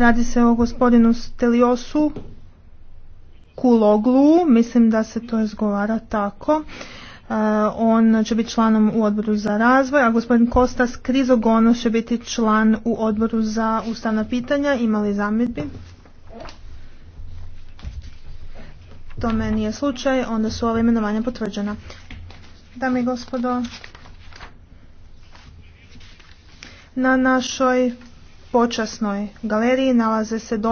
Radi se o gospodinu Steliosu Kuloglu, mislim da se to izgovara tako. E, on će biti članom u odboru za razvoj, a gospodin Kostas Krizogonos će biti član u odboru za ustavna pitanja. Imali zamjedbi? Tome nije slučaj, onda su ova imenovanja potvrđena. Dame i gospodo, na našoj počasnoj galeriji nalaze se